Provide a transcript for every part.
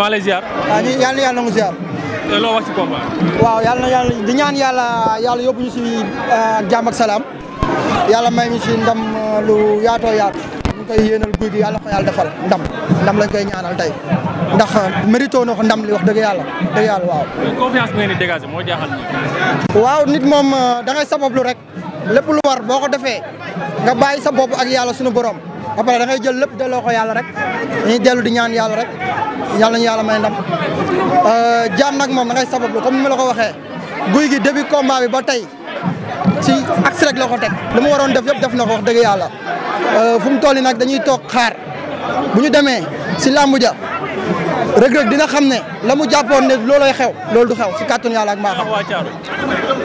maa lay ziar. waaw ah, ñu yal na yàlla nangu ziar. te euh, loo wax ci combat. waaw yal na yàlla di ñaan yàlla yàlla yóbbu ñu si euh, jàmm ak salaam. yàlla may ñu si euh, yaatoo yaatu. ñu koy yéenal guy gi yàlla ko yàlla defal koy ñaanal tey ndax na ko ndam li dëgg yàlla dëgg yàlla waaw. confiance bi ngeen di dégager moo waaw nit moom da ngay sabablu rek lépp lu war boo ko defee nga bàyyi sa bopp ak yàlla sunu borom. après da ngay jël lépp delloo ko yàlla rek dañuy dellu di ñaan yàlla rek yàlla ñu yàlla may ndam euh, jaam nag moom da ngay sabablu comme ni ma la ko waxee guy gi début combat bi ba tey ci axe rek la ko teg. li mu waroon def yëpp def na ko wax dëgg yàlla euh, fu mu toll nag dañuy toog xaar bu ñu demee si làmb ja Reug Reug xam ne la mu jàppoon ne loolay xew loolu du xew si kàttanu yàlla ak mbaaxam.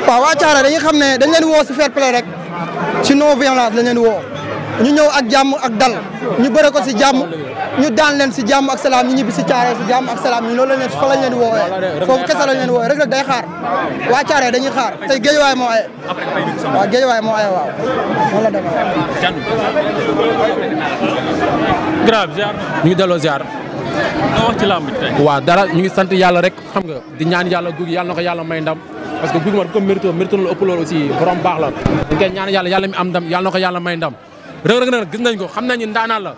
waaw waa Thiaré dañuy xam ne dañ leen woo si fair play rek si non violence lañ leen woo. ñu ñëw ak jàmm ak dal ñu bëre ko si jàmm ñu daan leen si jàmm ak salaam ñu ñibbi si caaree si jàmm ak salaam ñu loolu lañ leen fa lañ leen di woowee foofu kese lañ leen di woowee rek rek day xaar waa caaree dañuy xaar tey géejuwaay moo aye waaw géejuwaay moo aye waaw noonu la demee grave ziar ñu ngi delloo ziar nga wax ci làmb tey waaw dara ñu ngi sant yàlla rek xam nga di ñaan yàlla guug yàlla na ko yàlla may ndam parce que guug ma bu ko mérito mérito na la ëpp loolu aussi borom baax la dañ koy ñaan yàlla yàlla mi am ndam yàlla na ko yàlla may ndam rëg-rëg nag gis nañ ko xam nañ ndaanaan la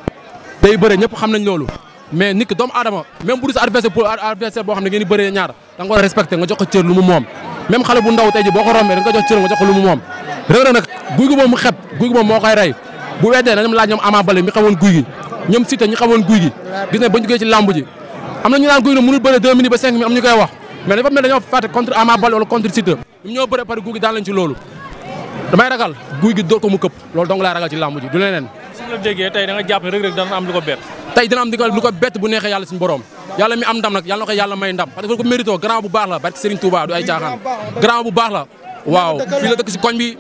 day bëre ñëpp xam nañ loolu mais nit ki doomu aadama même bu dul sa adversaire pour adversaire boo xam ne ngeen di bëree a respecté ñoom Ama Baldé mi xawoon guy ñoom Siteu ñi xawoon guy gi ba ñu jógee ci làmb am na ñu naan guy gi mënul bëre 2 minutes ñu koy ñoo bëre par guy gi daan lañ ci loolu damay ragal guy gi door ko mu këpp loolu dong laa ragal ci làmb ji du leneen. su ma tey nga jàpp ne dana am lu ko bett. tey dina am lu ko bu neexee yàlla suñu borom yàlla mi am ndam nag yàlla yàlla may ndam parce que ko mérito grand bu baax la barke Serigne Touba du ay caaxaan grand bu baax la waaw fii la dëkk si bi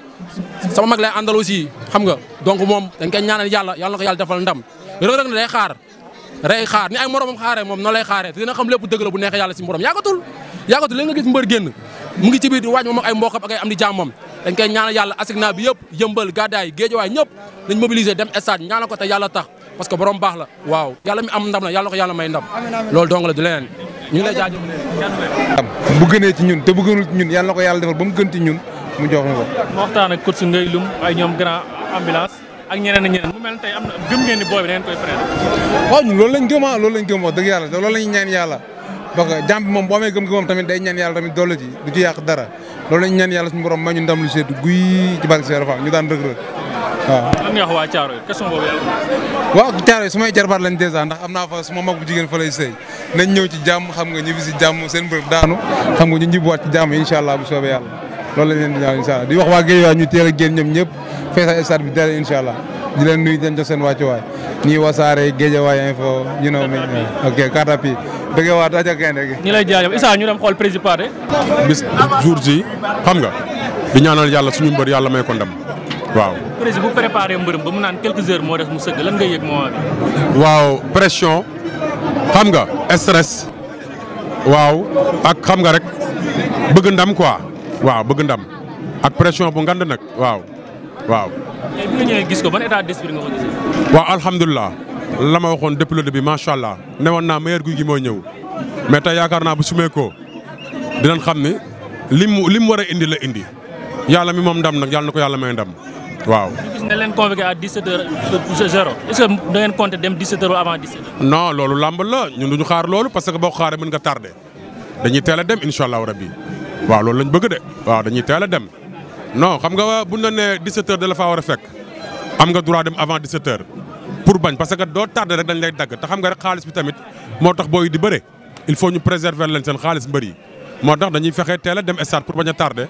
sama mag lay àndal aussi xam nga donc moom dañ koy ñaanal yàlla yàlla na ko yàlla defal ndam Reug Reug na day xaar rey xaar ni ay moromam xaaree moom noonu lay xaaree te dina xam lépp dëgg la bu neexee yàlla si borom yàggatul yàggatul léegi nga gis mu ngi ci biir di waaj ay mbokam ak ay am di jàmmam dañ koy ñaanal yàlla asigna bi yëpp yëmbal gàddaay waa ñëpp dañ mobiliser dem stade ñaanal ko te yàlla tax parce que borom baax la waaw yàlla mi am ndam la yàlla ko yàlla may ndam loolu dong la du leneen ñu ngi lay jaajëf bu gënee ci ñun te bu gënul ci ñun yàlla na ko yàlla defal ba mu gën ci ñun mu jox ñu ko ma waxtaan ak coach Ngay ñoom grand ak ñeneen mu mel tey am na gëm ngeen ni booy bi da loolu lañ gëm ah loolu lañ gëm wax dëgg yàlla ñaan yàlla donc jàmm bi moom boo amee gëm-gëmam tamit day ñaan yàlla tamit doole ji du ci yàq dara loolu lañ ñaan yàlla suñu borom may ñu ndam lu seddu guy ci barke Serigne Fall ñu daan rëg-rëg waaw. lan nga wax waa Thiaro yi question boobu yàlla. waaw Thiaro yi su may jarbaat lañ dèjà ndax am naa fa su ma mag bu jigéen fa lay sëy nañ ñëw ci jàmm xam nga ñibbi si jàmm seen bërëb daanu xam nga ñu njibuwaat ci jàmm incha allah bu soobee yàlla loolu lañ leen di ñaan incha allah di wax waa Guèye ñu teel a génn ñoom ñëpp fees stade bi dara incha allah di leen nuyu di leen ñuy wasaare Guédiawaye info you know me ok waa daja gaynde gi ñu lay jaajëf Issa ñu dem xool président bis jour ji xam nga di ñaanal yàlla suñu mbër yàlla may ko ndam waaw mu naan moo def mu sëgg lan nga yëg moo waaw pression xam nga stress waaw ak xam nga rek bëgg ndam quoi waaw bëgg ndam ak pression bu ngand nag waaw waaw. tey bi gis ko ban état d'esprit nga ko gisee. la ma waxoon depuis le début macha allah newoon naa meilleur guy gi ñëw mais tey yaakaar naa bu sumee ko dinañ xam ni lim lim war a indi la indi yàlla mi moom ndam nag yàlla na ko yàlla may ndam waaw. ñu gis ne leen convoqué à 17 h euh, dem 17 avant 17h. loolu làmb la ñun ñu xaar loolu parce que boo xaaree mën nga tardé dañuy teel a dem incha allah rabbi waaw loolu lañ bëgg de waaw dañuy teel a dem. non xam nga bu ñu la nee 17h da la faa war a fekk am nga droit dem avant 17h pour bañ parce que doo tardé rek dañ lay dagg te xam nga rek xaalis bi tamit moo tax booy di bëre il faut ñu préserver lañ seen xaalis mbër yi moo tax dañuy fexe teel dem stade pour bañ a tardé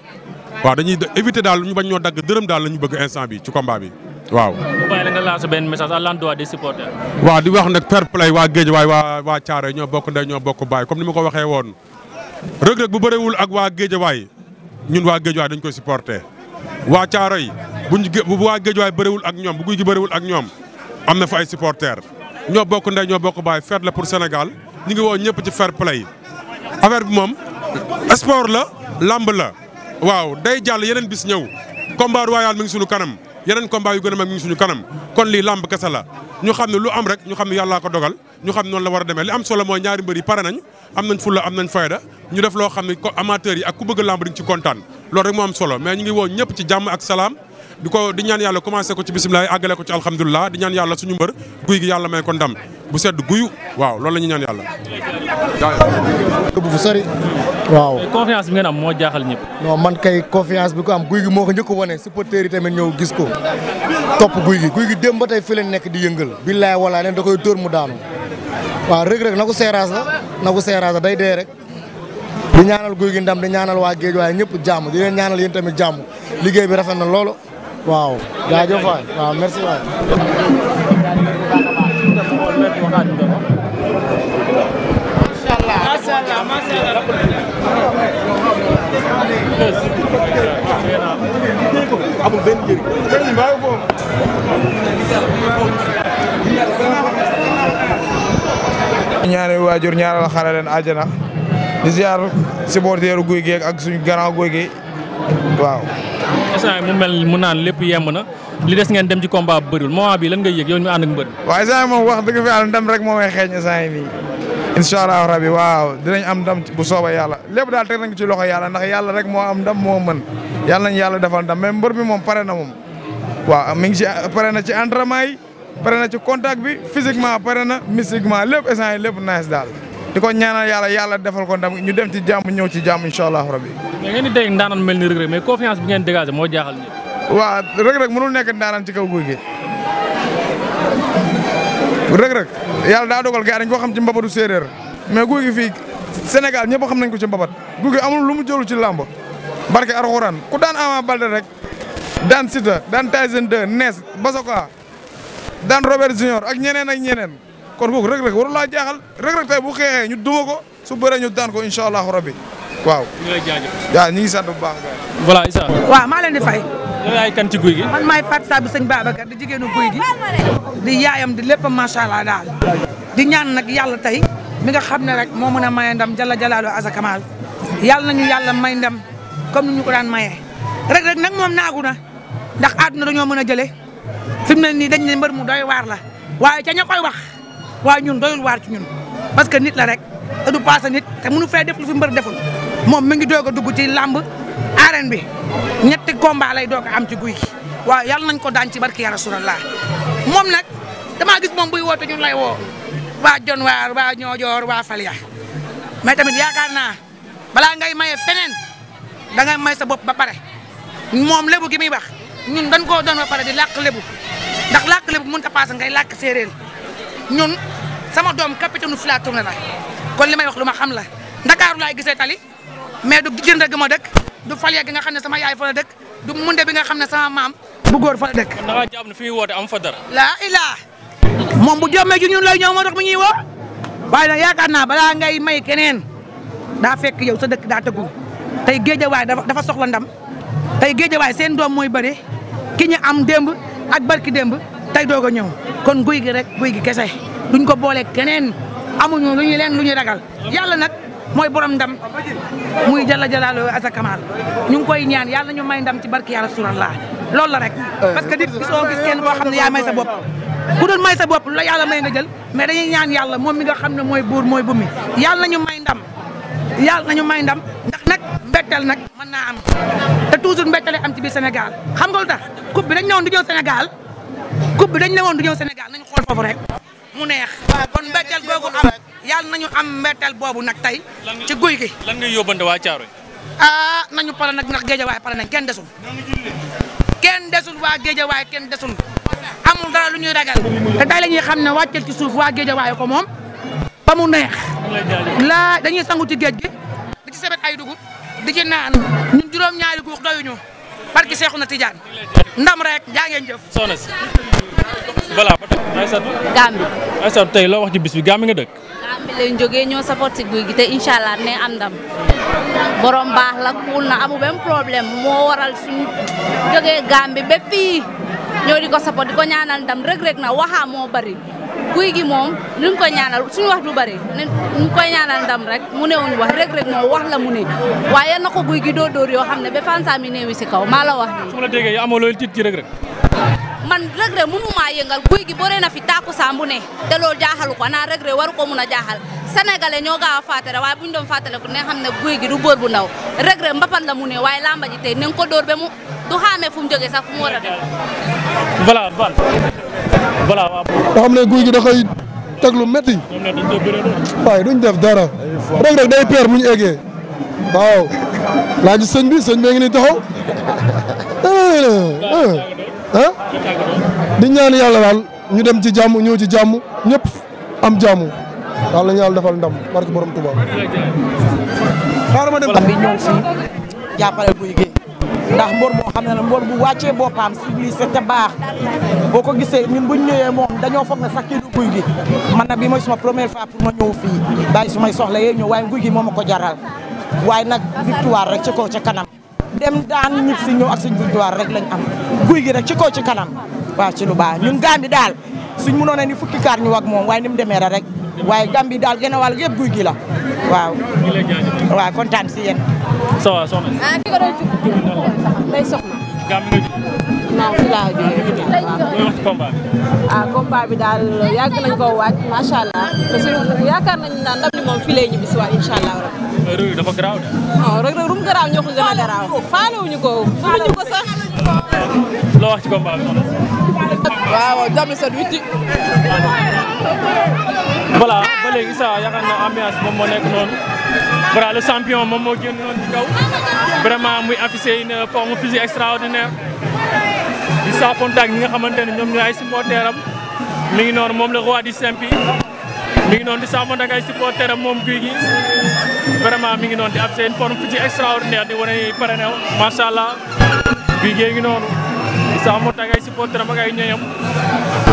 waaw dañuy éviter daal ñu bañ ñoo dagg dërëm daal la ñu bëgg instant bi ci combat bi waaw. bu bàyyi la nga lancer benn message di wax nag fair waa Géej waay waa waa Thiaroye ñoo bokk ndey ñoo bokk baay comme ni ko waxee woon Reug bu bëreewul ak waa Géej waay ñun waa Géejawaay dañ koy supporter waa Caaroy yi bu waa Géejawaay bëriwul ak ñoom bu guy gi bëriwul ak ñoom am na fa ay supporter ñoo bokk ndey ñoo bokk baay feet la pour senegal ñu ngi woo ñëpp ci fair play affaire bi moom sport la làmb la waaw day jàll yeneen bis ñëw combat royal mi ngi suñu kanam yeneen combat yu gën a mag mi ngi suñu kanam kon lii làmb kese la ñu xam ne lu am rek ñu xam ne yàllaa ko dogal ñu xam ne noonu la war a demee li am solo mooy ñaari mbër yi pare nañ am nañ fulla am nañ fayda ñu def loo xam ne amateur yi ak ku bëgg lamb di ci kontaan loolu rek moo am solo mais ñu ngi woo ñëpp ci jàmm ak salaam di ko di ñaan yàlla commencé ko ci bisimilah àggale ko ci alhamdulilah di ñaan yàlla suñu mbër guy gi yàlla may ko ndam bu sedd guyu waaw loolu la ñu ñaan yàlla. bu fu sori waaw. confiance bi moo jaaxal ñëpp. non man kay confiance bi ko am guy gi moo ko njëkk a wane supporteurs yi tamit ñëw gis ko topp guy gi guy gi démb ba tey nekk di yëngal. billaay walaay da koy dóor mu daanu waaw rëgg na ko seeraas la na ko seeraas day dee rek. di ñaanal guy gi ndam di ñaanal waa géej waaye ñëpp jàmm di ñaanal yéen tamit jàmm liggéey bi rafet na loolu waay. waxtaan bi doon wax. macha allah macha waajur ñaaral xare leen àjjana di ziar supporteeru guy gi ak suñu grand guy gi waaw. mu naan lépp yemb na. li des ngeen dem ci combat bu bëriwul moment bi lan ngay yëg yow mi ànd ak mbër. waaw instant moom wax dëgg fi ndam rek moo may xeeñ instant yii nii incha allah rabi waaw dinañ am ndam bu sooba yàlla lépp daal teg nañ ci loxo yàlla ndax yàlla rek moo am ndam moo mën yàlla nañ yàlla defal ndam mais mbër mi moom pare na moom waaw mi ngi ci pare na ci entraînement yi na ci contact bi physiquement pare na mystiquement lépp instant yi lépp nice daal di ko ñaanal yàlla ko ndam ñu dem ci jàmm ñëw ci jàmm incha allah rabi. mais ngeen di dégg ndaanaan mel ni Reug Reug mais confiance bi moo jaaxal waaw rëg-rëg mënul nekk ndaanaan ci kaw guy gi rëg-rëg daa dogal gars dañ ko xam ci mbabatu séeréer mais guy gi fii Sénégal ñëpp xam nañ ko ci mbabat guy gi amul lu mu jëlu ci làmb barke Alxuraan ku daan Ama Baldé rek daan Siteu daan Tyson de nees Basoka daan Robert Junior ak ñeneen ak ñeneen kon kooku rëg-rëg waru laa jaaxal rëg bu xeexee ñu duma ko su bëree ñu daan ko incha allahu rabbi waaw. ñu maa leen di yow yaay kan ci guy gi. man maay Fatou Sall bu sëñ Babacar di jigéenu guy di yaayam di lépp macha allah daal. di ñaan nag yàlla tey mi nga xam ne rek moo mën a maye ndam jalla jalaalu azakamal yàlla nañu yàlla may ndam comme ni ñu ko daan maye. rek rek nag moom naagu na ndax àdduna dañoo mën a jëlee fi mu ne nii dañ ne mbër mu doy waar la waaye ca ña koy wax waaye ñun doyul waar ci ñun parce que nit la rek te du paase nit te mënu fee def lu fi mbër deful moom mi ngi doog a dugg ci làmb. arène bi ñetti combat lay doog am ci guy gi waaw yàlla nañ ko daan ci barki ya rasulallah moom nag damaa gis moom buy woote ñun lay woo waa Jonwaar waa Ñoojoor waa Falya mais tamit yaakaar naa balaa ngay maye feneen da ngay may sa bopp ba pare moom lébu gi muy wax ñun dañ koo doon ba pare di làkk lébu ndax làkk lébu mun ta paase ngay làkk séeréer ñun sama doom capitaine Fila Tourné la kon li may wax lu ma xam la Ndakaaru laay gisee tali mais du jënd ma dëkk. du falya gi nga xam ne sama yaay fa la dëkk du munde bi nga xam ne sama maam bu góor fa la dëkk. kon da ngaa jàpp am fa dara. laa ilaa moom bu jëmee ji ñun lay ñëw moo tax mu ñuy woo waaye nag yaakaar naa balaa ngay may keneen daa fekk yow sa dëkk daa tëggu tey géejawaay dafa soxla ndam tey géejawaay seen doom mooy bëri ki ñu am démb ak barki démb tey doog a ñëw kon guy gi rek guy gi kese duñ ko booleeg keneen amuñu lu ñu leen lu ñu ragal yàlla nag. mooy borom ndam muy jalla jalaalu asa kamal ñu ngi ñaan yàlla ñu may ndam ci barki ya rasulallah loolu la rek eh, parce que nit gisoo gis kenn koo xam ne yaa may sa bopp ku dul may sa bopp la yàlla may nga jël mais dañuy ñaan yàlla moom mi nga xam ne mooy buur mooy bu mi yàlla nañu may ndam yàlla nañu may ndam ndax nag mbettel nag man naa am te toujours mbettale am ci biir Sénégal xam nga lu tax coupe bi dañ ne woon du ñëw Sénégal coupe bi dañ ne woon du ñëw Sénégal nañu xool foofu rek mu neex kon yàlla nañu am mbetteel boobu nag tey ci guy gi. lan ngay yóbbante waa Thiaroye. ah nañu pare nag ndax géejawaay pare kenn desul. kenn desul waa géejawaay kenn desul amul dara lu ñuy ragal. te tey la ñuy xam ne wàcceel ci suuf waa géejawaay ko moom ba mu neex. la dañuy sangu ci géej gi. di ci sebet ay dugub di ci naan ñun juróom-ñaari guux doyuñu. barki Seexuna Tijaan ndam rek jaa ngeen jëf. soxna si voilà. Gàmbi. tey loo wax bi Gàmbi nga dëkk. Gàmbi lañ jógee ñoo support si guy gi te incha allah ne am ndam borom baax la kuul na amu benn problème moo waral suñu jógee Gàmbi ba ñoo di ko support di ko ñaanal ndam rëg-rëg na waxaa moo bari. guy gi moom luñ ko ñaanal suñu wax du bëri ñu koy ñaanal ndam rek mu newuñ wax rek rek moom wax la mu ne waaye yal na ko guy gi doo dóor yoo xam ne ba fansa mi néewi si kaw maa la wax nii. su ma loolu tiit ci rek rek. man rek rek mënu maa yëngal guy gi bëree na fi taaku saambu ne te loo jaaxalu ko naa rek rek waru ko mun a jaaxal sénégalais ñoo gaaw a fàttale waaye bu ñu doon fàttale ko ne xam ne guy gi du bu ndaw rek rek mbapat la mu ne waaye lamba ji tey na nga ko dóor ba mu du xaamee fu mu jógee sax fu mu war a voilà xam ne guy gi da koy lu métti. waaye duñ def dara. rek rek day peer bu ñu eggee. laaj sëñ bi sëñ bee ngi ni taxaw. ah di ñaan yàlla daal ñu dem ci jàmm ñëw ci jàmm ñépp am jàmm daal la ñu yàlla defal ndam barke borom Tuubaa xaaral dem. bi ñëw fii ndax mbor moo xam ne la mbor bu wàccee boppam civilisé te baax boo ko gisee ñun buñ ñëwee moom dañoo foog ne sax kii du guy gi man nag bi mooy suma première fois pour ma ñëw fii bàyyi sumay soxla yee ñëw waaye guy gi moo ma ko jaral waaye nag victoire rek ci kaw ci kanam dem daan ñib si ñëw ak suñ victoire rek lañ am guy gi rek ci kaw ci kanam waaw ci lu baax ñun gaam bi daal suñ mënoon a ni fukki kaar ñu wag moom waaye ni mu demee rek waaye Gambie daal gën a wàll yëpp guy gi waaw. waaw kontaan si yéen. ça va soxna si. ah ki ko doon jug day soxna. Ah, daal yàgg nañ koo waaj macha allah te suñu yaakaar nañu naan moom fii lay ñibbi si waat incha allah. Euh, rëy garaaw de. non rëy rëy rum ko gën a ko faale wuñu ko sax. waaw dam set witti voilà ba léegi sa yaakaar na ambiance moom moo nekk noonu voilà le champion moom moo génn noonu ci kaw vraiment muy affiché une forme physique extraordinaire di saafonte ak nga xamante ne ñoom ñooy ay supporter am ngi noonu moom le roi du simpi mi ngi noonu di saafonte ak ay supporter moom guy gi vraiment mi ngi noonu di affiché une forme physique extraordinaire di wane ni pare na macha guy gi ngi noonu Issa Mouta ak ay supporter am ak ay ñoñam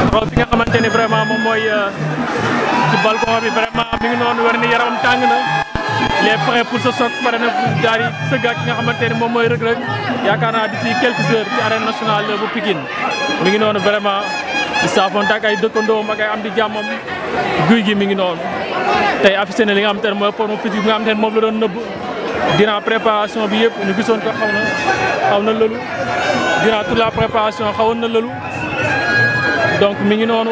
xool fi nga xamante ni vraiment moom mooy euh, ci balcon bi vraiment mi ngi noonu war ni yaramam tàng na il est prêt pour ce choc pare na daal di sëgg ak ki nga xamante ni moom mooy Reug Reug yaakaar naa d'ici quelques heures ci arène nationale bu Pikine mi ngi noonu vraiment Issa Mouta ak ay dëkkandoom ak ay am di jàmmam guy gi mi ngi noonu tey affiché li nga xamante ne mooy forme physique bi nga xamante ne moom la doon nëbb dina préparation bi yëpp ñu gisoon ko xaw na loolu durant toute la préparation xawoon na lëlu donc mi ngi noonu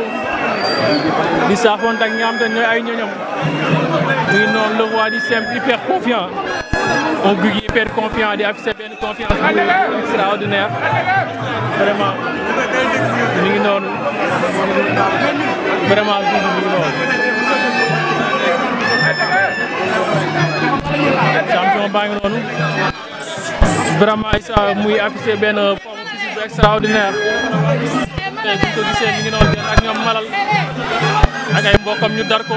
di saafoon ak ñi am te ñooy ay ñoñom mi noonu le roi du simple hyper confiant on gugi hyper confiant di affiché benn confiance bu extraordinaire vraiment mi ngi noonu vraiment mi ngi noonu bu extraordinaire tey bu ko gisee mi ngi ak ñoom malal ak ay mbokkam ñu dar ko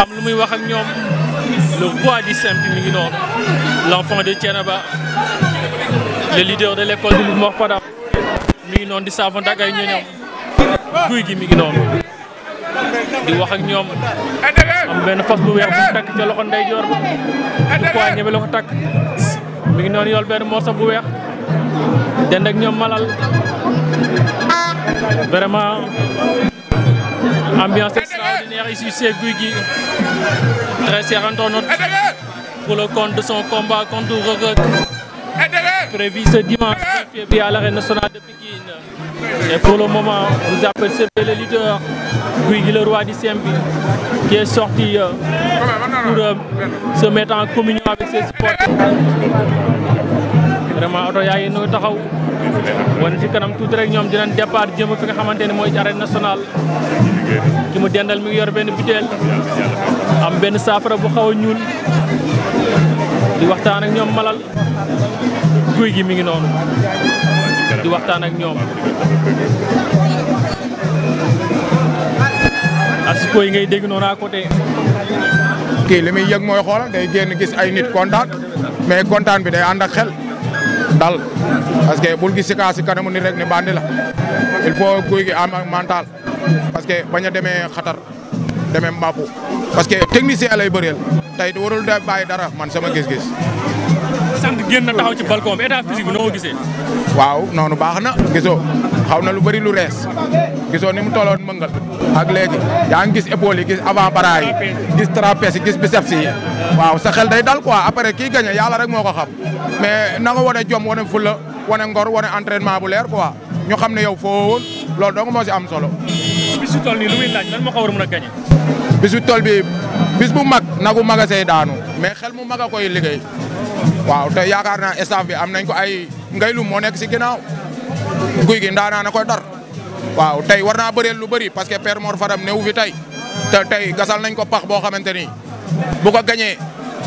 am lu muy wax ak ñoom le roi du simple mi ngi noonu l'enfant de Thiénaba le leader de l'école du Mor Fadam mi ngi noonu di savant ak ay ñoñam guy gi mi ngi wax ak ñoom am benn fas bu weex bu takk ca loxo ndeyjoor ba du ko ñebe la ko takk mi ngi noonu yor benn morceau bu weex dend ak ñoom malal vraiment ambiance extraordinaire ici chez Gouye Gui très cher internaute pour le compte de son combat contre Reug Reug prévu dimanche 2 février à l'arène nationale de Pikine et pour le moment vous apercevez le leader Gouye Gui le roi du Simpi qui est sorti euh, pour euh, se mettre en communion avec ses supporters vraiment oto yaa ngi nuy taxaw wane ci kanam tuuti rek ñoom dinañ départ jëm fi nga xamante ni mooy ci arène nationale ki mu dendal mi ngi yor benn butéel am benn saafara bu xaw a ñuul di waxtaan ak ñoom malal guy gi mi ngi noonu di waxtaan ak ñoom asiko yi ngay dégg noonu à côté kii li muy yëg mooy xoolal day génn gis ay nit kontaan mais kontaan bi day ànd ak xel dal parce que bul gis si kaa si kanamu ni rek il faut guy gi am ak mental parce que bañ a demee xatar demee mbàppu parce que technicien lay bëreel tey warul da bàyyi dara man sama gis-gis. sant génn na taxaw ci balcon bi état physique waaw noonu baax na gisoo xaw na lu bëri lu rees gisoo ni mu tolloon mëngal. ak léegi yaa ngi gis épaule yi gis avant bara gis trapèze gis biceps waaw sa xel day dal quoi après kii gagné yàlla rek moo ko xam mais na nga wane jom wane fulla wane ngor wane entraînement bu leer quoi ñu xam ne yow foo lool doo dong moo si am solo. bisu tool nii ko war a a gagné. tool bi bis bu mag nagu magasee daanu mais xel mu mag a koy liggéey waaw te yaakaar naa staff bi am nañ ko ay ngay moo nekk si ginnaaw guy gi ndaanaa koy dar. waaw tey war naa bëreel lu bëri parce que per Mor Fadam newu fi tey tey gasal nañ ko pax boo xamante ni bu ko gañee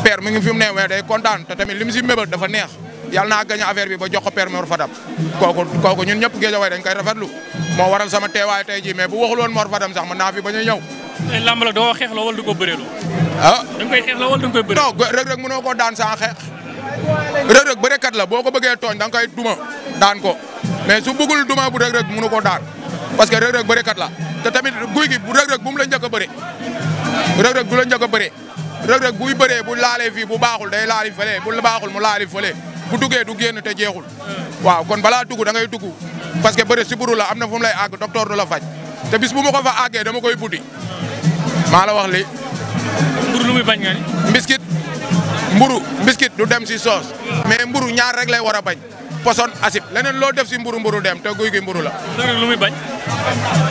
père mu ngi fi mu ne waaye day kontaan te tamit li mu si mébal dafa neex yàlla naa gañ affaire bi ba jox ko père Mor Fadam ko ko ñun ñëpp Guédiawaye dañ koy rafetlu moo waral sama teewaay tey jii mais bu waxul woon Mor Fadam sax mën naa fi bañ a ñëw. tey làmb la doo xeex la wala du ko bëree loo. ah da nga ko xeex la wala da mënoo koo daan sans xeex Reug Reug bëreekat la boo ko bëggee tooñ da nga koy duma daan ko mais su bëggul duma bu Reug Reug mënu ko daan parce que rëg-rëg bërekat la te tamit guy gi rëg-rëg bu la njëkk a bëre rëg-rëg du la njëkk a bëre rëg-rëg buy bu laalee fii bu baaxul day laali fële bu baaxul mu laali fële bu duggee du génn te jeexul waaw kon balaa dugg da ngay dugg parce que bëre siburu la am na fu mu lay àgg docteur du la faj te bis bu ma ko fa àggee dama koy buddi maa la wax li mburu lu muy bañ nga mbiskit mburu mbiskit du dem si soos mais mburu ñaar rek lay war a bañ poson asib leneen loo def si mburu mburu dem te guy gi mburu la. rek lu muy bañ.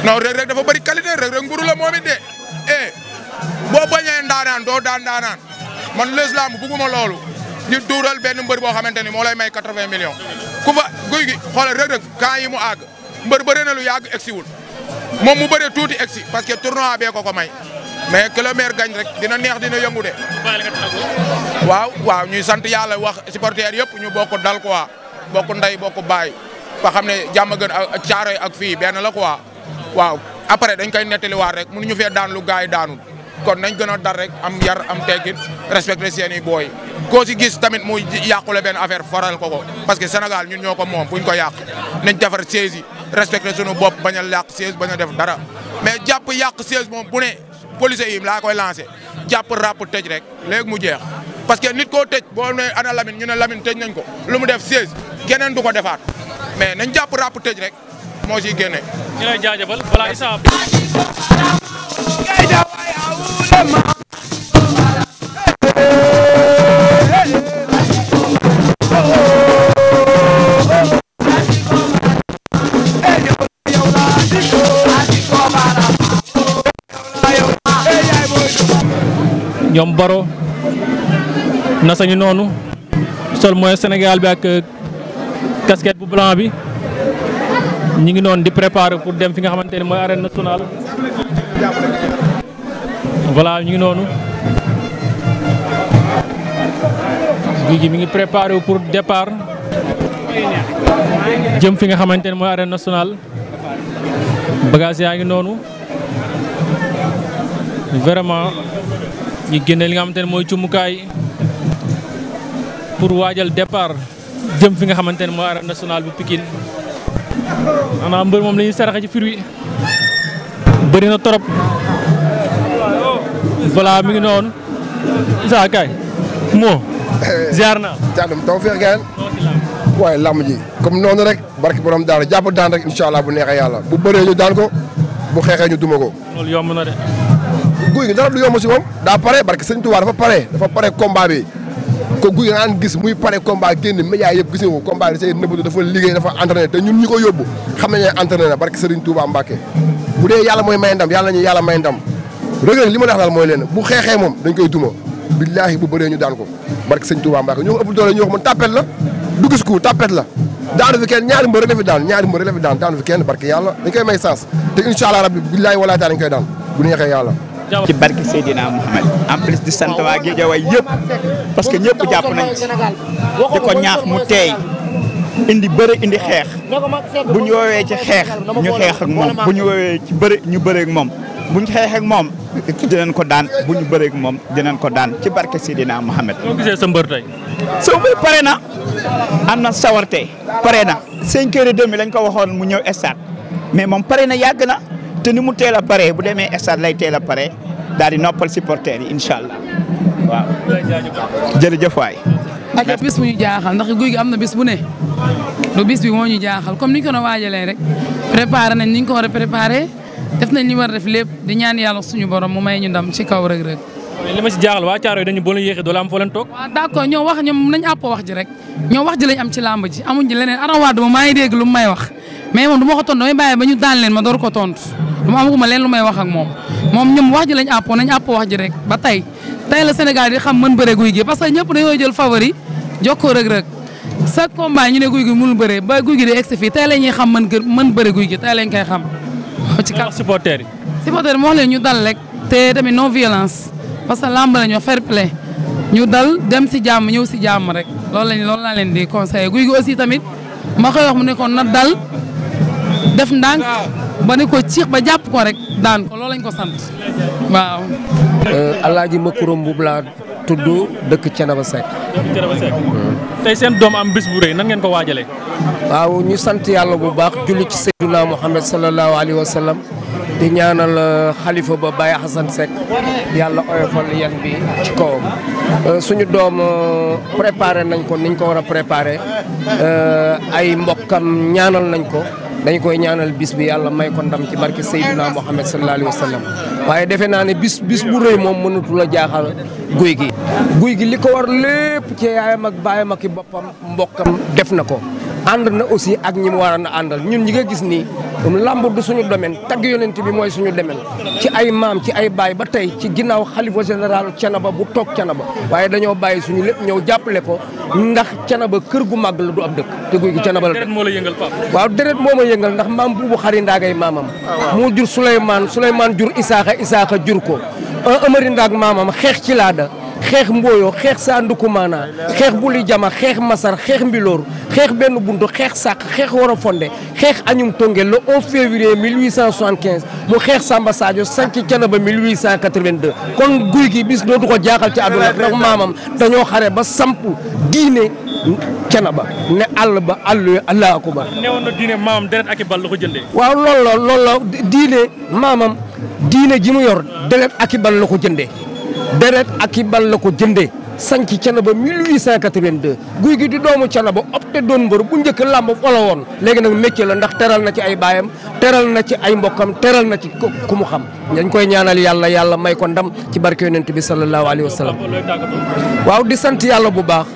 non rek rek dafa bëri qualité rek rek mburu la moom it de eh boo bañee ndaanaan doo daan ndaanaan man l'islam bugguma loolu ñu duural benn mbër boo xamante ni moo lay may 80 millions. ku fa guy gi xoolal rek rek camp yi mu àgg mbër bëri na lu yàgg egg si moom mu bëree tuuti egg si parce que tournoi bee ko ko may. mais que le rek dina neex dina yëngu de. waaw waaw ñuy sant yàlla wax supporters yëpp ñu bokk dal quoi. bokk nday bokk baay ba xam ne jàmm gën ak caaroy ak fii benn la quoi waaw après dañ koy nettaliwaat rek ñu fee daan lu gars yi daanul kon nañ gën a dar rek am yar am teggin respecté seen i booy koo si gis tamit muy yàqule benn affaire faral ko ko parce que Sénégal ñun ñoo ko moom fuñ ko yàq nañ defar siège yi respecté suñu bopp bañ a yàq siège bañ def dara mais jàpp yàq siège moom bu ne policier yi laa ko lancé jàpp ràpp tëj rek léegi mu jeex parce que nit koo tëj boo ne ana Lamine ñu ne Lamine tëj nañ ko lu mu def siège keneen du ko defaat mais nañ jàpp ràpp rek moo siy génne. ñu lay ñoom Baro na noonu sol mooy Sénégal bi ak. casquette bu blanc bi ñu ngi noonu di préparer pour dem fi nga xamante ne mooy arène nationale. voilà ñu ngi noonu. guy mi ngi préparé pour départ jëm fi nga xamante ne mooy arène nationale bagage yaa ngi noonu vraiment ñu génne li nga xamante ne mooy cumukaay pour waajal départ. jëm fi nga xamante ne mooy arène nationale bu Pikine maanaam mbër moom la ñuy saraxe ci fir wi bëri na trop mi ngi noonu Issa Kaay moo ziar naa. jaadum taw feex waaye làmb ji comme noonu rek barki borom daal jàpp daan rek incha allah bu neexee yàlla bu bëree ñu daan ko bu xeexee ñu duma ko. loolu yomb na de. guy gi dara du yomb si moom daa pare barki sëñ Tuubaa dafa pare dafa pare combat bi. ko guy naan gis muy pare combat génn média yëpp gis nga ko combat da see nëbbatu dafa liggéey dafa entraîné te ñun ñi ko yóbbu xam nañ ne entraîné na barke Serigne Touba Mbacke bu dee yàlla mooy may ndam yàlla nañu yàlla may ndam rëg ma dax daal mooy leen bu xeexee moom dañ koy duma billaahi bu bëree ñu daan ko barke Serigne Touba Mbacke ñoo ëpp doole ñoo wax ko tàppet la daanu fi kenn ñaari mbër la fi daan ñaari mbër la fi daan daanu may sens yàlla ci barke Seydina Mohamed en plus di sant waa Guédiawaye yëpp parce que ñëpp jàpp nañ ci di ko ñaax mu teey indi bëre indi xeex bu ñu woowee ci xeex ñu xeex ak moom bu ñu woowee ci bëre ñu bëreek moom bu ñu xeex ak moom dinañ ko daan bu ñu bëreek moom dinañ ko daan ci barke Seydina Mohamed. soo gisee sa mbër tey. soo mbër pare na am na sawarte pare na cinq heures et demi lañ ko waxoon mu ñëw stade mais moom pare na yàgg na. te ni mu teel a paree bu demee stade lay teel a pare daal di noppal supporters yi allah waaw. jërëjëf waay. ajab bis bu ñu jaaxal ndax guy gi am na bis bu ne lu bis bi moo ñu jaaxal comme ni ñu ko doon waajalee rek préparé nañ ni ñu ko war a préparé def nañ li war a def lépp di ñaan yàlla suñu borom mu may ñu dam ci kaw Reug Reug. li ma ci jaaxal waa Thiaroye dañu boo leen yéexee doo la am foo leen toog. waaw d'accord ñoo wax ñoom nañ àpp wax ji rek ñoom wax ji lañ am ci làmb ji amuñ ci leneen arawaat ma maa ngi dégg lu may wax mais moom du ma ko tontu damay ma door ko tontu. dama amaguma leen lu may wax moom moom ñoom wax ji lañ àppoo nañ àppoo wax ji rek ba tey tey la Sénégal di xam man bare guy gi parce que ñëpp dañoo jël favori jox ko rëg-rëg sa combat ñu ne guy gi mënul bëre ba guy fii tey la ñuy xam mën mën bëre guy gi tey lañ xam ci kaw supporter yi supporter moo leen ñu dal rek te tamit non violence parce que làmb la ñu fair play ñu dal dem si jàmm ñëw si jàmm rek loolu lañ loolu laa leen di conseillé guy gi aussi tamit ma koy wax mu ne ko na dal def ndànk ba ne ko ciix ba jàpp ko rek daan ko loolu lañ ko sant waaw. Euh, Alaaji Makoura Mbuub laa tudd dëkk Cenaba Seck. Hmm. tey seen doom am bis bu rëy nan ngeen ko waajalee. waaw ñu sant yàlla bu baax julli ci Seydina Muhammad sallallahu alayhi wa sallam di ñaanal euh, xalifa ba Baye Xasan Seck yàlla oyofal yan bi ci kawam euh, suñu doom préparé nañ ko niñ ko war a préparé ay mbokkam ñaanal nañ ko. dañ koy ñaanal bis bi yàlla may ko ndam ci barke Seydina Mohamed sallallahu alayhi wa sallam waaye defe naa ne bis bis bu rëy moom mënatul a jaaxal guy gi. guy gi li ko war lépp ci yaayam ak baayam ak i boppam mbokkam def na ko. ànd na aussi ak ñi mu waroon a àndal ñun ñi nga gis nii lamb du suñu domaine tagg yonent bi mooy suñu domaine ci ay maam ci ay baay ba tey ci ginnaaw xalifa général Thiénaba bu toog Thiénaba waaye dañoo bàyyi suñu lépp ñëw jàppale ko ndax Thiénaba kër gu màgg la du ab dëkk te guy gi Thiénaba la dëkk waaw déret moo ma yëngal ndax maam buubu xari ndaagay maamam ah, moo jur Souleymane Souleymane jur Isaaxa Isaaxa jur ko un amari ndaag maamam xeex ci laada xeex mbooyo xeex sandukumaana xeex buli jama xeex masar xeex mbiloor xeex benn buntu xeex sàq xeex war a fonde xeex añum tongel le 11 février 1875 mu xeex Samba Sadio sanc Canaba 1882 kon guy gi bis dootu ko jaaxal ci àdduna ndax maamam dañoo xare ba sampu diine Canaba ne àll ba all allah ba newoon na diine maamam deret ak la ko jëndee waaw loolu la loolu la diine maamam diine ji mu yor deret aki i bal la ko jëndee deret ak i bal la ko jëndee sanc Thiénaba 1882 guy gi di doomu Thiénaba opté doon mbër bu njëkk làmb wala woon léegi nag métier la ndax teral na ci ay baayam teral na ci ay mbokkam teral na ci ku mu xam dañ koy ñaanal yàlla yàlla may ko ndam ci barke yonent bi sallallahu alayhi wa sallam waaw di sant yàlla bu baax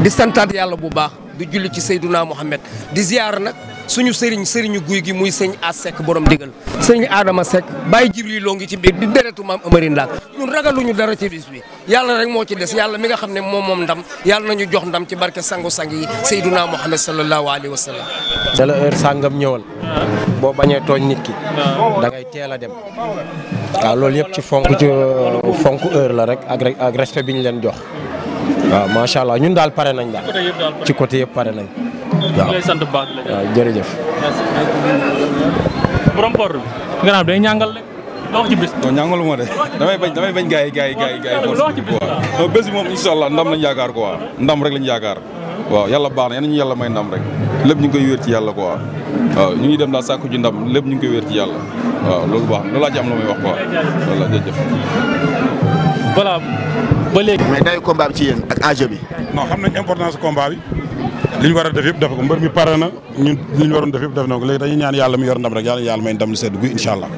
di yàlla bu baax di julli ci Seyduna Muhammad di ziyaar nag suñu sëriñ sëriñu guy gi muy sëñ As Seck borom digal sëñ Adama Seck baa Jibril loo ngi ci biir di deretu maam Amari Ndaak ñun ragaluñu dara ci bis bi yàlla rek moo ci des yàlla mi nga xam ne moom moom ndam yàlla nañu jox ndam ci barke sangu-sang yi Seyduna Muhammad sallallahu alayhi wa sallam ca la heure sàngam ñëwal boo bañee tooñ nit ki da ngay teel a dem waaw loolu yëpp ci fonk ci euh, fonk heure la rek ak respect bi ñu leen jox waaw macha allah ñun daal pare nañ daal ci côté yëpp pare nañ waaw ñu lay sant bu baax la waaw jërëjëf. borom bi. nga naan day ñàngal rek loo wax ci bés. non ñàngalu de damay bañ damay bañ gars yi gars yi gars yi gars yi. loo wax waaw bés moom incha allah ndam lañ yaakaar quoi ndam rek lañ yaakaar. waaw yàlla baax na yéen ñu yàlla may ndam rek lépp ñu ngi koy wér ci yàlla ko waaw ñu ngi dem daal sàkku ji ndam lépp ñu ngi koy wér ci yàlla waaw loolu baax na loolu laa ci am la may wax quoi voilà jërëjëf. voilà ba léegi. mais dayu combat bi ci yéen ak enjeu bi. non xam nañ importance li ñu war a def yëpp def ko mbër mi pare na ñun ñu waroon def yëpp def na ko léegi dañuy ñaan yàlla mi yor ndam rek yàlla yàlla may ndam li sedd guy incha loolu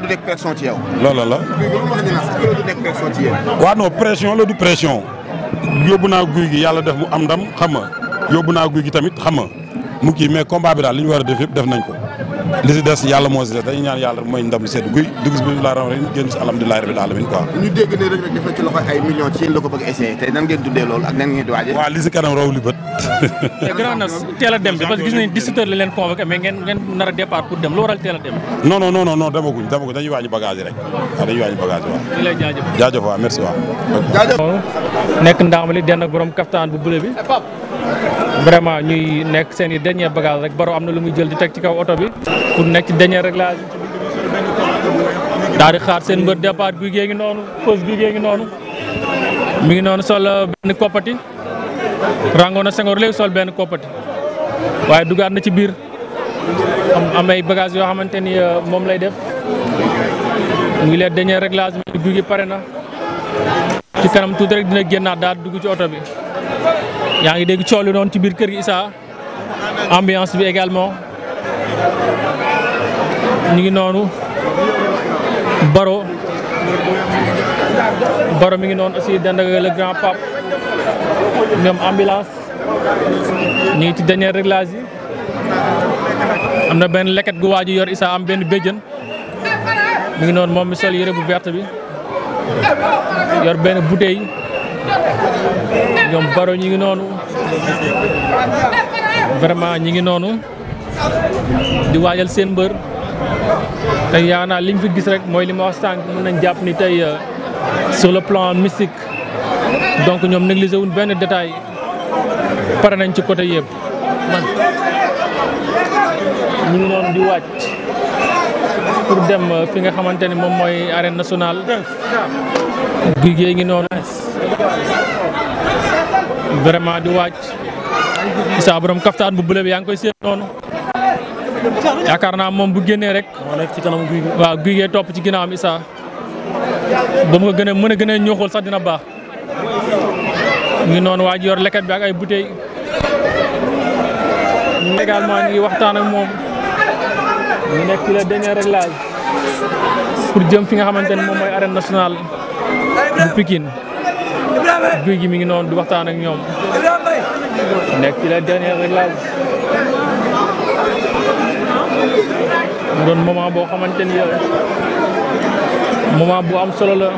du nekk pression ci loolu la. guy bi lu mu wax du nekk pression ci yow. waaw pression la du pression. yóbbu naa guy gi yàlla def mu am ndam xam nga yóbbu naa guy gi tamit xam nga mu kii mais combat bi daal li ñu war a def yëpp def nañ ko li si des yàlla moo si des dañuy ñaan yàlla mooy ndam sedd guy dugg si bismilaahi rahmaani rahiim génn si alhamdulilaahi a essayé tey nan ngeen tuddee loolu ak nan ngeen bi parce a départ pour ñu ngi nekk ndax den ak borom kaftaan bu bleu bi vraiment ñuy nekk seen i dernier bagage rek baro am na lu muy jël di teg ci kaw oto bi pour nekk ci dernier réglage daal xaar seen mbër départ guy gée ngi noonu fausse guy gée ngi noonu mu ngi noonu sol uh, benn koppati rango na Senghor léegi sol benn koppati waaye dugaat na ci biir am ay bagage yoo xamante ni uh, moom lay def mu ngi leen dernier réglage mi guy gi pare na ci kanam tuuti rek dina génnaat daal dugg ci oto bi yaa ngi dégg coow li noonu ci biir kër gi Issa ambiance bi également ñu ngi noonu Baro Baro mi ngi noonu aussi dend ak le grand pape ñoom ambulance ñu ngi ci dernier réglage yi am na benn leket gu waaju yor Issa am benn béjjën mu ngi noonu moom mi yére bu verte bi yor benn bouteille ñoom Baro ñi ngi noonu vraiment ñu ngi noonu di waajal seen mbër. tey yaakaar naa liñ fi gis rek mooy li ma wax nañ jàpp ni tey euh, sur le plan mystique donc ñoom négligé wun benn détail pare nañ ci côté yëpp man ñu ngi noonu di wàcc pour dem euh, fi nga xamante ni moom mooy arène nationale guy ngi noonu vraiment di wàcc saa borom kaftaan bu bële yaa ngi koy seet noonu yaakaar naa moom bu génnee rek. moo nekk ci kanam guy waaw guy gee topp ci ginnaawam Issa ba mu ko gën a mën a gën a ñoxol sax dina baax ñu noonu waa ji leket bi ak ay bouteilles ñun également ñu ngi waxtaan ak moom ñu nekk ci le dernier réglage pour jëm fi nga xamante ne moom mooy arène nationale bu Pikine guy gi mi ngi noonu di waxtaan ak ñoom nekk mu doon moment boo xamante ni euh, moment bu am solo la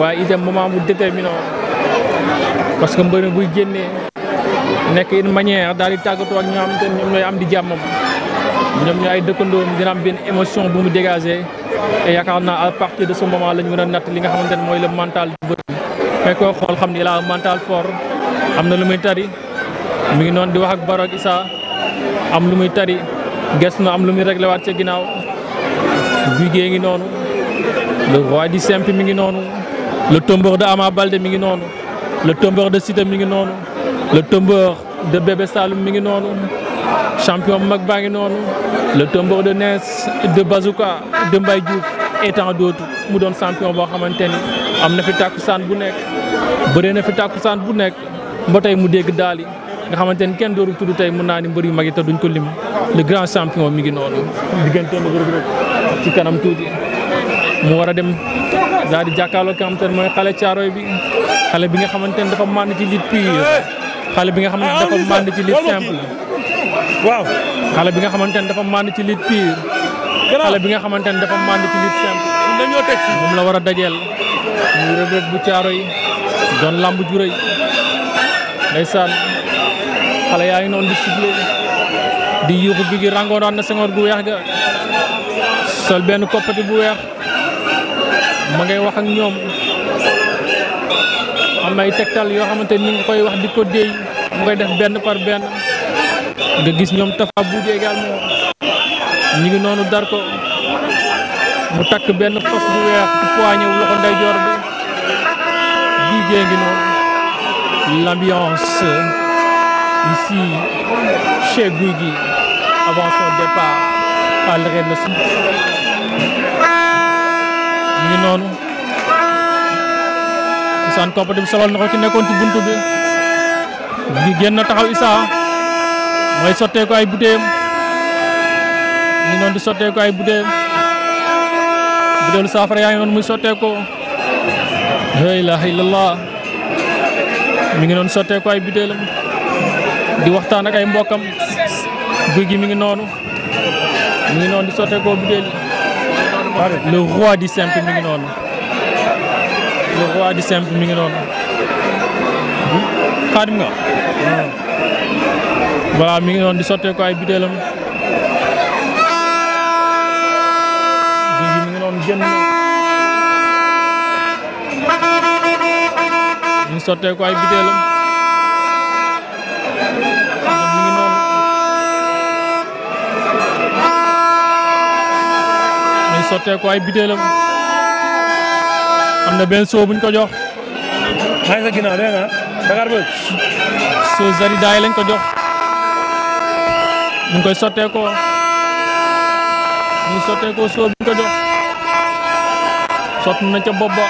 waaye itam moment bu déterminant parce que mbër buy génnee nekk une manière daal di tàggatoo ak ñoo xamante ni ñoom ñooy am di jàmmam ñoom ñooy ay dëkkandoom dina am benn émotion bu mu dégagé te yaakaar naa à partir de su moment lañ mën a natt li nga xamante ne mooy le mental du mbër mais koo xool xam ni la mental fort am na lu muy tari mi ngi noonu di wax ak Barok Issa am lu muy tari ges na am lu muy réglé waat ca ginnaaw guy ngi noonu le roi du simple mi ngi noonu le tombeur da amaa Baldé mi ngi noonu le tombeur de Siteu mi ngi noonu le tombeur de Bébé Saloum mi ngi noonu champion bu mag baa ngi noonu le tombeur de Ness de Bazouka de Mbaye Diouf et tant mu doon champion boo xamante ni am na fi tàkkusaan bu nekk bëree na fi tàkkusaan bu nekk ba tey mu dégg daali nga xamante ni kenn dooru tudd tey mën naa ni mbër yu mag yi te duñ ko lim le grand champion mi ngi noonu digganteem ak Reug Reug ci kanam tuuti mu war a dem daal di jàkkaarloo ki xamante ne mooy xale caaroy bi xale bi nga xamante ne dafa mànd ci lutte pure xale bi nga xamante ne ah, dafa mànd ci lutte simple waaw xale bi nga xamante ne dafa mànd ci lutte pure bi nga xamante ne dafa mànd ci lutte simple dañoo moom la war a dajeel muy Reug Reug bu caaroy doon lamb ju rëy ndeysaan xale yaa ngi noonu di sifflé di yuuxu bi gi rangoon na sengoor gu weex ga sol benn koppati bu weex ma ngay wax ak ñoom am ay tegtal yoo xamante ni nga koy wax di ko déy mu koy def benn par benn nga gis ñoom tafa buuj également ñu ngi noonu dar ko mu takk benn fos bu weex ci poignet wu loxo ndeyjoor bi bii jee ngi noonu l'ambiance ici chez Guigui avant son départ à l'arène ñu noonu Issa Kompaté bi sobal na ko ki nekkoon ci buntu bi ngi taxaw Issa mooy sottee ko ay butéem ñu noonu di sottee ko ay butéem butéelu yaa ngi muy sottee ko la ilaha mi ngi noonu sottee ko ay butéelam di waxtaan ak ay mbokkam guy gi mi ngi noonu mi ngi noonu di sotteekoo butéel le roi du simple mi ngi noonu le roi du simple mi ngi noonu xaadim nga voilà mi ngi noonu di sotteekoo ay butéelam guy gi ngi noonu génn mi ngi sotteekoo ay butéelam sotteekoo ay bitéelam am na benn soo buñ ko jox. maa ngi daay lañ ko jox mu ngi koy sottee ko mu ngi sottee ko soo buñ ko jox sott na ca bopp ba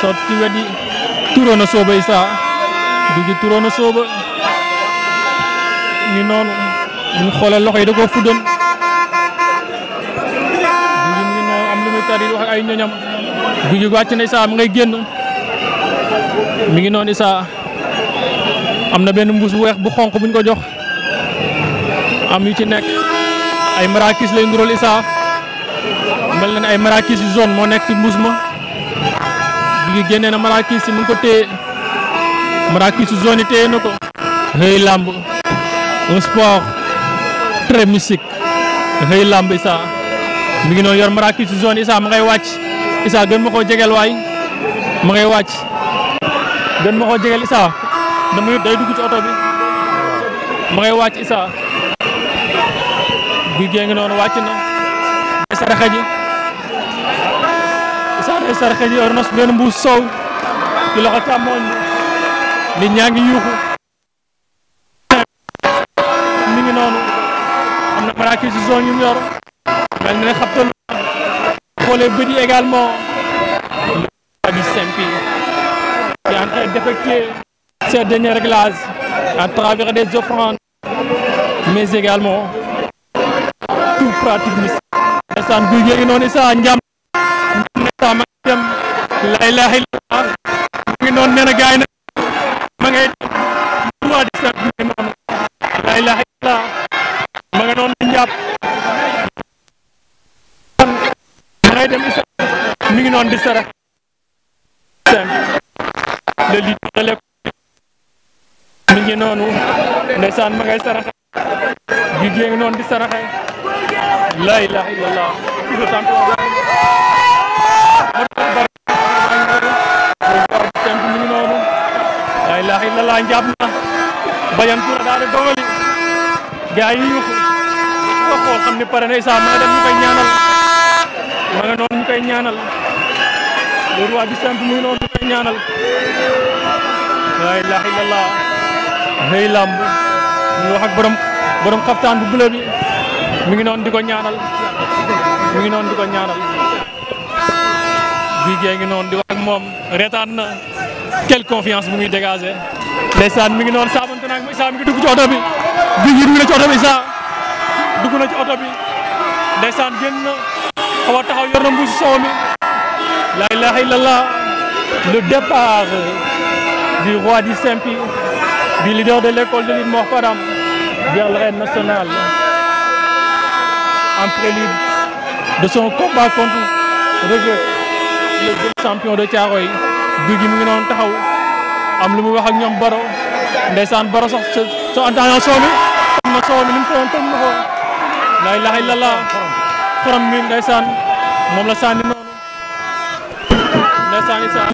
sott ci turoon na sooba yi duggi turoon na sooba ñu noonu ñu xoolee loxo yi da koo affaire wax ay ñoñam guy gi wàcc na Issa mu ngay génn mi ngi noonu Issa am na benn mbuus bu weex bu xonq buñ ko jox am yu ci nekk ay marakis lay ndural Issa mel na ne ay marakis yu zone moo nekk ci mbuus ma guy gi génnee na marakis yi mu ngi ko téye marakis yu zone yi téye na ko xëy làmb un sport très mystique xëy làmb Issa mi ngi noonu yor maraakis ci zone Issa ma ngay wàcc Issa gën ma koo jegeel waay ma ngay wàcc gën day dugg oto bi ma ngay wàcc Issa guy gee ngi noonu wàcc na day saraxe ji Issa day saraxe ji soow ci loxo càmmooñ nit ñaa ngi yuuxu mi ngi noonu am na maraakis ci zone yu yor mel na ne xam toll xoolee bëri également du simpi qui est en train d'effectuer ses derniers réglages à travers des offrandes mais également tout pratique la ilaha ngi noonu di sarax le leader mi ngi noonu ma ngay saraxe gi géeng di saraxe la ilaha illallah la ilaha na bayan pour daal di gaa yi yuuxu ko xool pare ndeysaan ma nga dem ñu koy ñaanal ma nga noonu ñu ñaanal le roi du simple muy la ilaha illallah wax ak borom borom xaftaan bu bleu bi mi ngi noon di ko ñaanal mi ngi noonu di ko ñaanal bii gee noonu di wax ak moom reetaan na quelle confiance mu ngi dégager ndeysaan mi ngi noonu saabante naag Issa ngi dugg ci oto bi bii gi dugg na ci oto bi Issa dugg na ci oto bi ndeysaan génn laa ilaha illallah, le départ du roi du Simpi, du leader de l'école de l'île Morfaram, vers l'arène national en prélude de son combat contre Reug, le champion de Thiaroye. Gouye Gui mu ngi taxaw am lu mu wax ak ñoom Baro ndeysaan Baro sax sa sa entraîneur soo mi xam na soo mu tëjoon tëj na ko. La ilaha illallah xorom mi ndeysaan moom la sànni ndeysaan